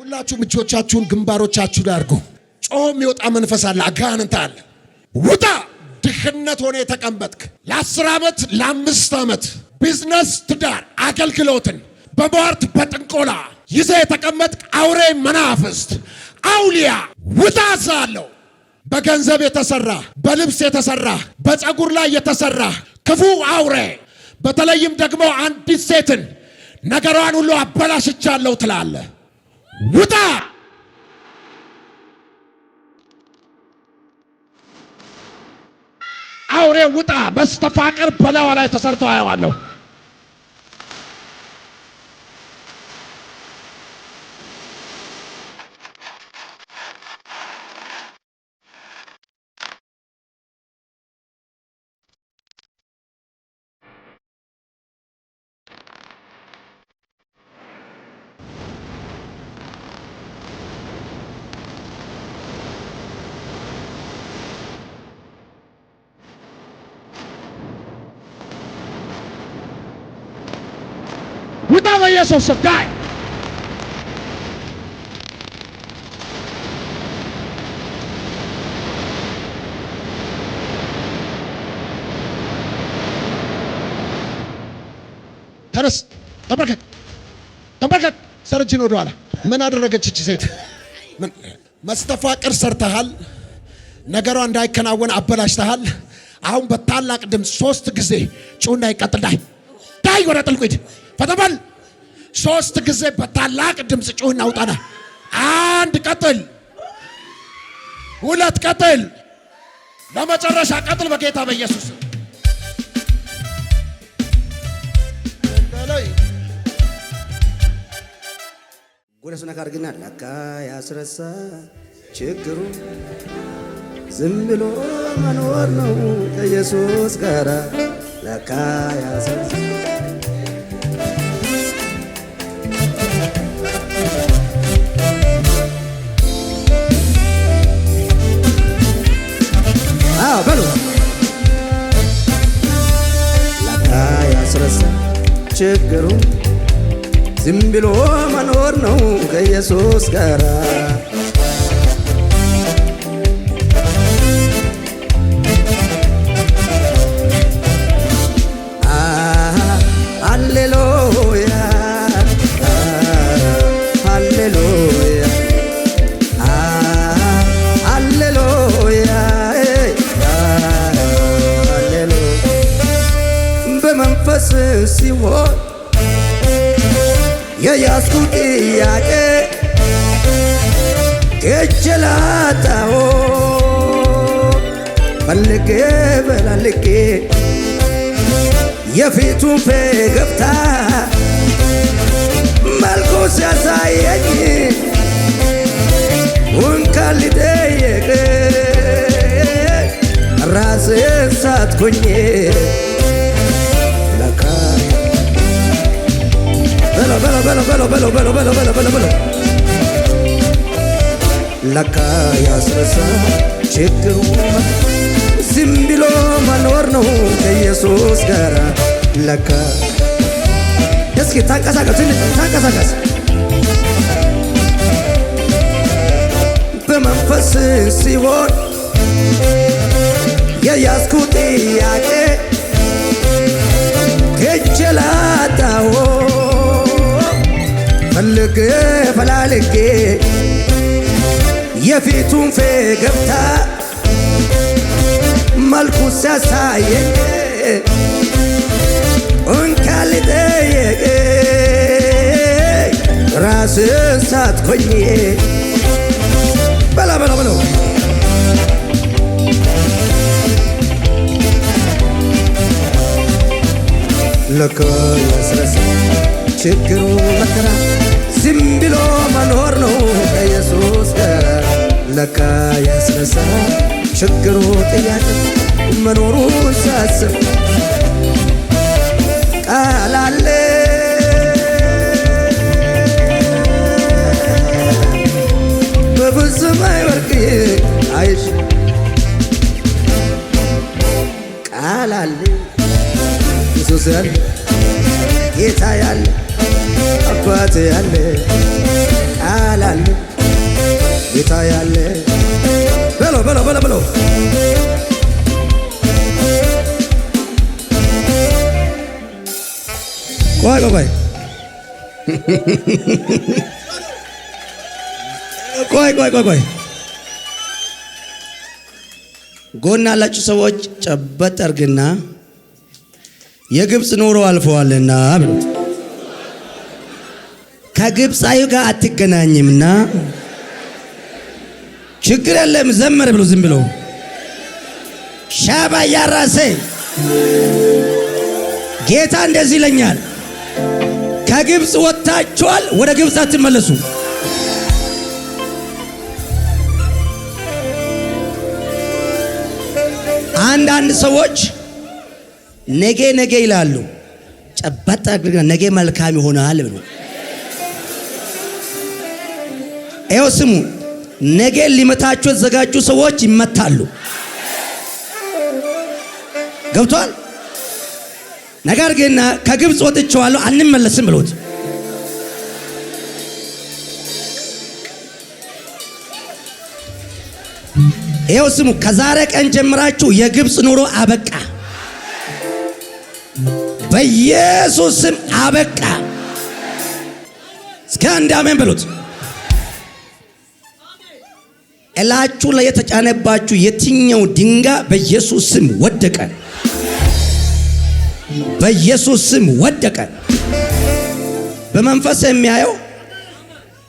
ሁላችሁም እጆቻችሁን ግንባሮቻችሁን አድርጉ። ጮሆ የሚወጣ መንፈስ አለ፣ አጋንንት አለ። ውጣ! ድህነት ሆነ የተቀመጥክ ለአስር ዓመት ለአምስት ዓመት ቢዝነስ፣ ትዳር፣ አገልግሎትን በሟርት በጥንቆላ ይዘ የተቀመጥክ አውሬ መናፍስት፣ አውሊያ ውጣ! አለው በገንዘብ የተሰራ በልብስ የተሰራ በፀጉር ላይ የተሰራ ክፉ አውሬ በተለይም ደግሞ አንዲት ሴትን ነገሯን ሁሉ አበላሽቻለሁ ትላለ ውጣ አውሬ ውጣ። በስተፋቅር በላዋ ላይ ተሰርቶ አየዋለሁ። bless and subscribe. ተነስ፣ ተንበርከክ፣ ተንበርከክ። ሰርጅን ወደኋላ ምን አደረገች እቺ ሴት? መስተፋቅር ሰርተሃል። ነገሯ እንዳይከናወን አበላሽተሃል። አሁን በታላቅ ድምፅ ሶስት ጊዜ ጩና ይቀጥል። ዳይ ዳይ ወደ ጥልቁ ሂድ ፈተበል ሶስት ጊዜ በታላቅ ድምፅ ጩህ እናውጣና አንድ ቀጥል፣ ሁለት ቀጥል፣ ለመጨረሻ ቀጥል በጌታ በኢየሱስ ወደ ነካር ግን ለካ ያስረሳ ችግሩ ዝም ብሎ መኖር ነው ከኢየሱስ ጋራ ለካ ያስረሳ ችግሩ ዝም ብሎ መኖር ነው ከኢየሱስ ጋራ ፈልጌ በላልጌ የፊቱን ፌ መልኩ ሲያሳየኝ ውንካ ሊጠየቅ ራሴን ሳትኩኝ ለካ ያስረሳ ችግሩ ዝም ብሎ መኖር ነው ከኢየሱስ ጋር ለካ። እስኪ ታንቀሳቀስ ታንቀሳቀስ በመንፈስ ሲሆን የያዝኩ ጥያቄ ከእጄ ላጣሁ ፈላልጌ የፊቱን ፌ ገብታ ሲያሳየኝ እንካ ልጠየቅ ሳትኮኝ በላ በላ በለው ልክ ያስረሳ ችግሩ መከራ ዝም ብሎ መኖር ነው ከኢየሱስ ጋር ለካ ያስረሳ ችግሩ ጥያቄ መኖሩ ሳስብ ቃላለ በብዙም አይወርቅ አይሽ ቃላለ ኢየሱስ ያለ ጌታ ያለ አባት ያለ ቃላለ ጌታ ያለ በሎ በሎ በሎ በሎ Vai, papai. ቆይ ቆይ ቆይ ቆይ ጎና ያላችሁ ሰዎች ጨበጥ አድርግና የግብፅ ኑሮ አልፈዋልና ብሎ ከግብፃዩ ጋር አትገናኝምና ችግር የለም ዘመር ብሎ ዝም ብሎ ሻባ እያራሴ ጌታ እንደዚህ ይለኛል ከግብፅ ወጥታችኋል፣ ወደ ግብፅ አትመለሱ። አንዳንድ ሰዎች ነገ ነገ ይላሉ። ጨበጣ አድርገን ነገ መልካም ይሆናል ብሎ ይኸው ስሙ። ነገ ሊመታችሁ የተዘጋጁ ሰዎች ይመታሉ። ገብቷል። ነገር ግን ከግብፅ ወጥቼዋለሁ አንመለስም ብሎት ይኸው ስሙ። ከዛሬ ቀን ጀምራችሁ የግብፅ ኑሮ አበቃ፣ በኢየሱስ ስም አበቃ። እስከ አንድ አሜን በሉት። እላችሁ ላይ የተጫነባችሁ የትኛው ድንጋይ በኢየሱስ ስም ወደቀ። በኢየሱስ ስም ወደቀ። በመንፈስ የሚያየው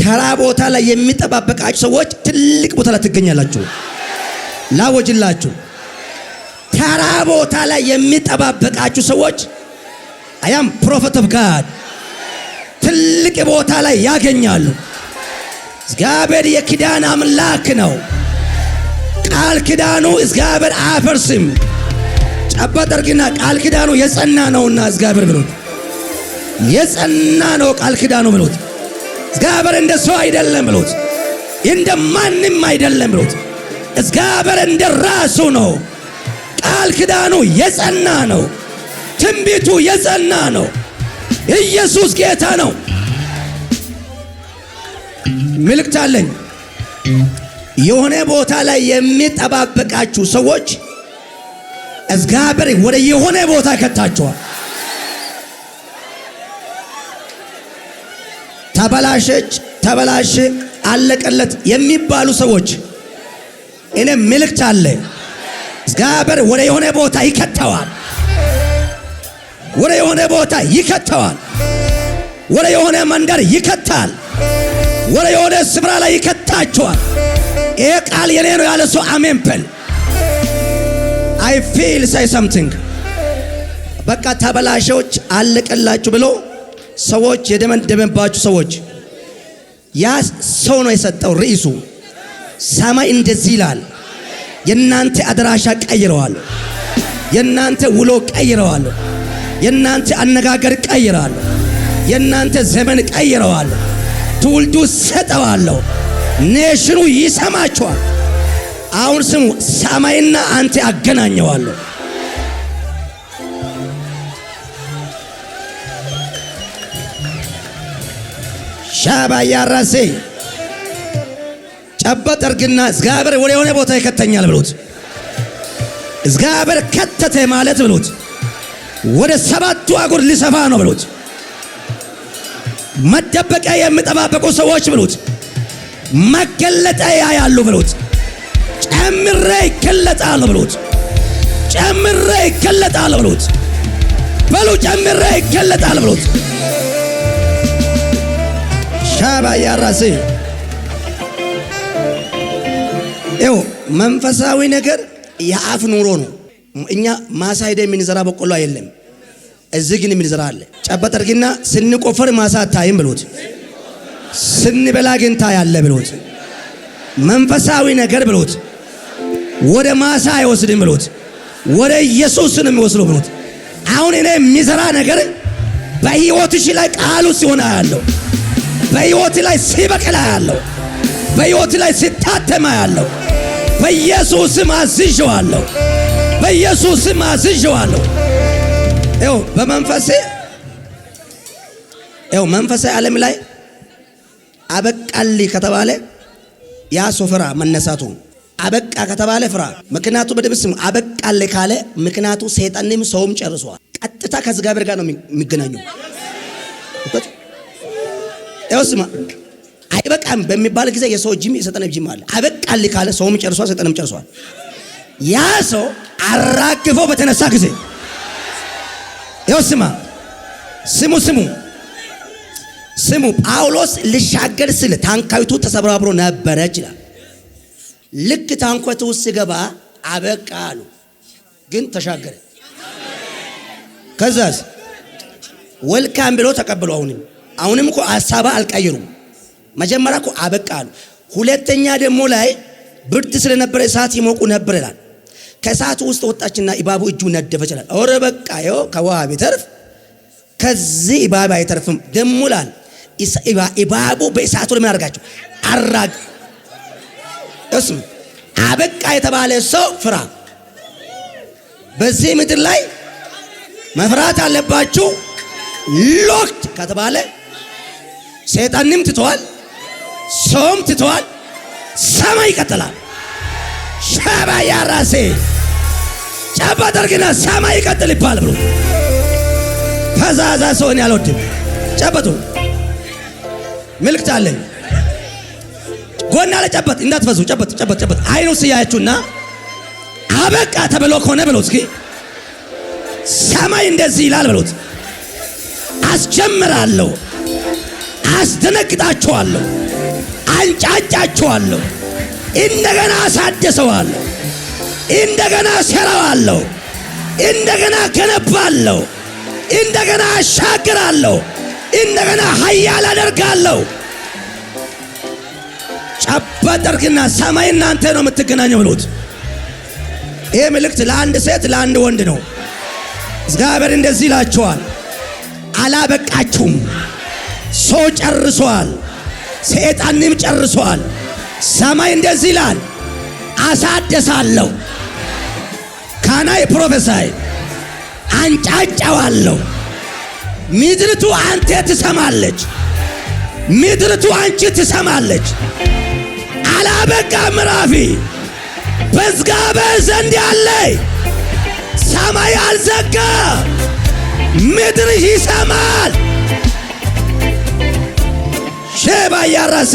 ተራ ቦታ ላይ የሚጠባበቃችሁ ሰዎች ትልቅ ቦታ ላይ ትገኛላችሁ። ላወጅላችሁ ተራ ቦታ ላይ የሚጠባበቃችሁ ሰዎች አያም ፕሮፌት ኦፍ ጋድ ትልቅ ቦታ ላይ ያገኛሉ። እግዚአብሔር የኪዳን አምላክ ነው። ቃል ኪዳኑ እግዚአብሔር አያፈርስም። አባ አርጌና ቃል ኪዳኑ የጸና ነውና እግዚአብሔር ብሎት የጸና ነው ቃል ኪዳኑ ብሎት እግዚአብሔር እንደ ሰው አይደለም ብሎት እንደ ማንም አይደለም ብሎት እግዚአብሔር እንደ ራሱ ነው። ቃል ኪዳኑ የጸና ነው። ትንቢቱ የጸና ነው። ኢየሱስ ጌታ ነው። ምልክት አለኝ። የሆነ ቦታ ላይ የሚጠባበቃችሁ ሰዎች እግዚአብሔር ወደ የሆነ ቦታ ይከታቸዋል። ተበላሸች፣ ተበላሸ፣ አለቀለት የሚባሉ ሰዎች እኔ ምልክት አለ። እግዚአብሔር ወደ የሆነ ቦታ ይከተዋል። ወደ የሆነ ቦታ ይከተዋል። ወደ የሆነ መንደር ይከታል። ወደ የሆነ ስፍራ ላይ ይከታቸዋል። ይሄ ቃል የኔ ነው ያለ ሰው አሜን በል። አይ ፊል ሳይ ሰምቲንግ በቃ ተበላሾች አለቀላችሁ ብሎ ሰዎች የደመደመባችሁ ሰዎች ያ ሰው ነው የሰጠው ርዕሱ። ሰማይ እንደዚህ ይላል፣ የእናንተ አድራሻ ቀይረዋለሁ፣ የእናንተ ውሎ ቀይረዋለሁ፣ የእናንተ አነጋገር ቀይረዋለሁ፣ የእናንተ ዘመን ቀይረዋለሁ፣ ትውልዱ ሰጠዋለሁ፣ ኔሽኑ ይሰማችኋል። አሁን ስሙ፣ ሰማይና አንተ አገናኘዋለሁ። ሻባ ያራሴ ጨበጥ እርግና እግዚአብሔር ወደ የሆነ ቦታ ይከተኛል ብሎት እግዚአብሔር ከተተ ማለት ብሎት ወደ ሰባቱ አጉር ሊሰፋ ነው ብሎት መደበቂያ የሚጠባበቁ ሰዎች ብሎት መገለጠ ያያሉ ብሎት ጨምሬ ይገለጣል ብሉት። ጨምሬ ይገለጣል ብሉት። በሉ ጨምሬ ይገለጣል ብሉት። ሻባ ያራሴ ይው መንፈሳዊ ነገር የአፍ ኑሮ ነው። እኛ ማሳ ሄደ የምንዘራ በቆሎ የለም፣ እዚህ ግን የምንዘራ አለ። ጨበጥ አድርጊና ስንቆፈር ማሳ አታይም ብሉት፣ ስንበላ ግን ታያለ ብሉት። መንፈሳዊ ነገር ብሉት። ወደ ማሳ አይወስድም ብሎት ወደ ኢየሱስ ነው የሚወስደው ብሎት። አሁን እኔ የሚሰራ ነገር በሕይወትሽ ላይ ቃሉ ሲሆን አያለሁ። በሕይወት ላይ ሲበቅል አያለሁ። በሕይወት ላይ ሲታተም አያለሁ። በኢየሱስም አዝዤዋለሁ። በኢየሱስም አዝዤዋለሁ። ይኸው በመንፈሴ ይኸው መንፈሳዊ ዓለም ላይ አበቃልኝ ከተባለ ያ ሶፈራ መነሳቱ አበቃ ከተባለ ፍራ። ምክንያቱ በደምብ ስሙ። አበቃለ ካለ ምክንያቱ ሰይጣንም ሰውም ጨርሷል። ቀጥታ ከእግዚአብሔር ጋር ነው የሚገናኘው። ያው ስማ አይበቃም በሚባል ጊዜ የሰው ጅም የሰጠነ ጅም አለ። አበቃል ካለ ሰውም ጨርሷል፣ ሰይጣንም ጨርሷል። ያ ሰው አራግፎ በተነሳ ጊዜ ያው ስማ ስሙ ስሙ ስሙ ጳውሎስ ልሻገር ስል ታንካይቱ ተሰብራብሮ ነበረ ይችላል ልክ ታንኮት ውስጥ ስገባ አበቃ አሉ። ግን ተሻገረ። ከዛስ ወልካም ብሎ ተቀበሉ። አሁንም አሁንም እኮ ሀሳባ አልቀየሩም። መጀመሪያ እኮ አበቃ አሉ። ሁለተኛ ደግሞ ላይ ብርድ ስለነበረ እሳት ይሞቁ ነበር ይላል። ከእሳቱ ውስጥ ወጣችና እባቡ እጁ ነደፈች ይላል። ኧረ በቃ ይኸው ከውሃ ቢተርፍ ከዚህ እባብ አይተርፍም። ደሞ ይላል እባቡ በእሳቱ ለምን አድርጋቸው አራግ እሱ አበቃ የተባለ ሰው ፍራ። በዚህ ምድር ላይ መፍራት አለባችሁ። ሎክድ ከተባለ ሰይጣንም ትተዋል፣ ሰውም ትተዋል፣ ሰማይ ይቀጥላል። ሸባ ያራሴ ጨባ ደርግና ሰማይ ይቀጥል ይባል ብሎ ፈዛዛ ሰውን ያልወድም ጨበጡ ምልክት አለኝ። ጎና ለጨበጥ እንዳትፈሱ ጨበጥ ጨበጥ ጨበጥ አይኑ ስያያችሁና አበቃ ተብሎ ከሆነ ብሎት እስኪ ሰማይ እንደዚህ ይላል ብሎት አስጀምራለሁ፣ አስደነግጣችኋለሁ፣ አንጫጫችኋለሁ፣ እንደገና አሳደሰዋለሁ፣ እንደገና ሰራዋለሁ፣ እንደገና ገነባለሁ፣ እንደገና አሻግራለሁ፣ እንደገና ኃያል አደርጋለሁ። ጨበጥ ሰማይ እናንተ ነው የምትገናኘው ብሎት። ይሄ ምልክት ለአንድ ሴት ለአንድ ወንድ ነው። እግዚአብሔር እንደዚህ ይላቸዋል፣ አላበቃችሁም። ሰው ጨርሷል፣ ሰይጣንም ጨርሷል። ሰማይ እንደዚህ ይላል፣ አሳደሳለሁ። ካናይ ፕሮፌሳይ አንጫጫዋለሁ። ምድርቱ አንተ ትሰማለች። ምድርቱ አንቺ ትሰማለች። አላበቃ ምራፊ በዝጋበህ ዘንድ ያለ ሰማይ አልዘጋ ምድር ይሰማል። ሼባ ያራሴ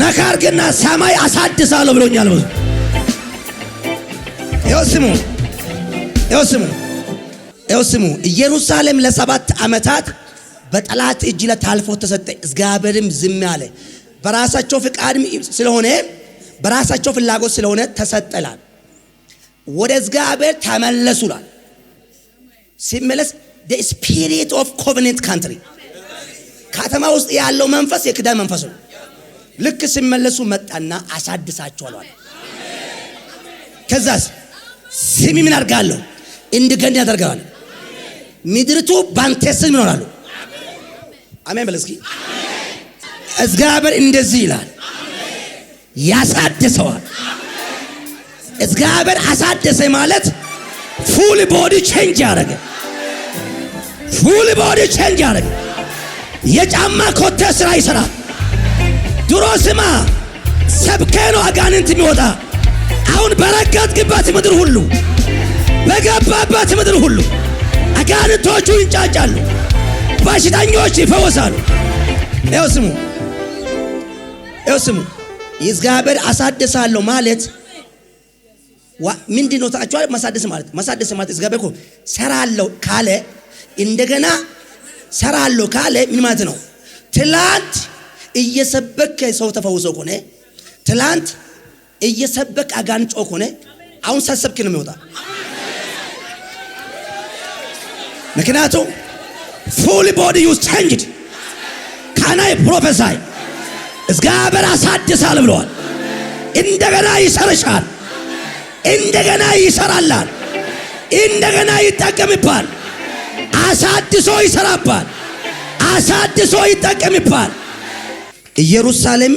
ነካርግና ሰማይ አሳድሳለሁ ብሎኛል። ብዙ ስሙ ስሙ ስሙ ኢየሩሳሌም ለሰባት ዓመታት በጠላት እጅ ላይ ታልፎ ተሰጠ። እግዚአብሔርም ዝም አለ። በራሳቸው ፍቃድ ስለሆነ በራሳቸው ፍላጎት ስለሆነ ተሰጠላል። ወደ እግዚአብሔር ተመለሱላል። ሲመለስ ስፒሪት ኦፍ ኮቨነንት ካንትሪ ከተማ ውስጥ ያለው መንፈስ የክዳን መንፈስ ነው። ልክ ሲመለሱ መጣና አሳድሳቸዋል። ከዛስ ስሚ ምን አድርጋለሁ? እንድገን ያደርጋለሁ ምድርቱ ባንቴ ስም ይኖራሉ። አሜን በል እስኪ። እግዚአብሔር እንደዚህ ይላል፣ ያሳደሰዋል። እግዚአብሔር አሳደሰ ማለት ፉል ቦዲ ቼንጅ ያደረገ ፉል ቦዲ ቼንጅ ያደረገ የጫማ ኮቴ ስራ ይሰራል። ድሮ ስማ ሰብከ ነው አጋንንት የሚወጣ አሁን በረገጥክበት ምድር ሁሉ በገባባት ምድር ሁሉ አጋንንቶቹ ይንጫጫሉ። በሽተኞች ይፈወሳሉ። ይኸው ስሙ፣ ይኸው ስሙ። እግዚአብሔር አሳደሳለሁ ማለት ምንድን ነው? ታችኋል። ማሳደስ ማለት ማሳደስ ማለት እግዚአብሔር ሰራለሁ ካለ እንደገና ሰራለሁ ካለ ምን ማለት ነው? ትላንት እየሰበከ ሰው ተፈውሶ ከሆነ ትላንት እየሰበክ አጋንጮ ከሆነ አሁን ሳሰብክ ነው የሚወጣ ምክንያቱም ፉል ቦዲ ዩዝ ቼንጅድ ካናይ ፕሮፌሳይ እግዚአብሔር አሳድሳል ብለዋል። እንደገና ይሰርሻል፣ እንደገና ይሰራላል፣ እንደገና ይጠቀምባል። አሳድሶ ይሰራባል፣ አሳድሶ ይጠቀምባል። ኢየሩሳሌም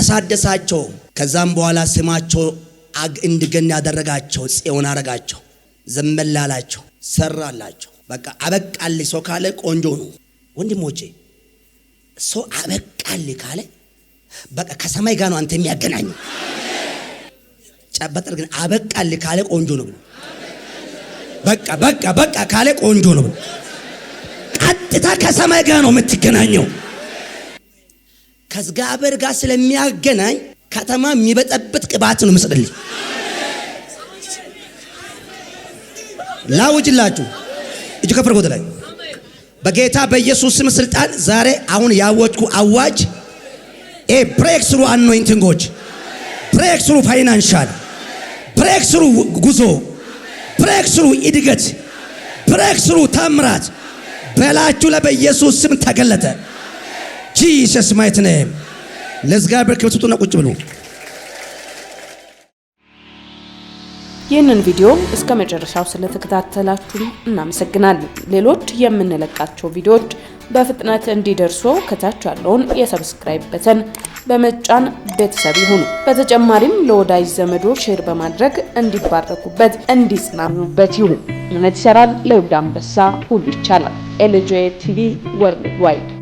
አሳደሳቸው። ከዛም በኋላ ስማቸው እንዲገኝ ያደረጋቸው ጽዮን አረጋቸው፣ ዘመላላቸው፣ ሰራላቸው። በቃ አበቃልህ ሰው ካለ ቆንጆ ነው ወንድሞቼ። ሰው አበቃልህ ካለ በቃ ከሰማይ ጋር ነው አንተ የሚያገናኝ። ጨበጠር ግን አበቃልህ ካለ ቆንጆ ነው ብሎ በቃ በቃ በቃ ካለ ቆንጆ ነው ብሎ ቀጥታ ከሰማይ ጋር ነው የምትገናኘው። ከእግዚአብሔር ጋር ስለሚያገናኝ ከተማ የሚበጠብጥ ቅባት ነው ምስጥልኝ ላውጅላችሁ እጁ ከፍ አድርጎ ላይ። በጌታ በኢየሱስ ስም ስልጣን ዛሬ አሁን ያወጅኩ አዋጅ ኤ ብሬክ ስሩ አኖይንቲንጎች፣ ብሬክ ስሩ ፋይናንሻል፣ ብሬክ ስሩ ጉዞ፣ ብሬክ ስሩ እድገት፣ ብሬክ ስሩ ታምራት በላችሁ ላይ በኢየሱስ ስም ተገለጠ። ጂሰስ ማይት ነም ለእግዚአብሔር ክብር ስጡና ቁጭ ብሉ። ይህንን ቪዲዮም እስከ መጨረሻው ስለተከታተላችሁ እናመሰግናለን። ሌሎች የምንለቃቸው ቪዲዮዎች በፍጥነት እንዲደርሱ ከታች ያለውን የሰብስክራይብ በተን በመጫን ቤተሰብ ይሁኑ። በተጨማሪም ለወዳጅ ዘመዶ ሼር በማድረግ እንዲባረኩበት እንዲጽናኑበት ይሁን። እውነት ይሰራል። ለይሁዳ አንበሳ ሁሉ ይቻላል። ኤልጄ ቲቪ ወርልድ ዋይድ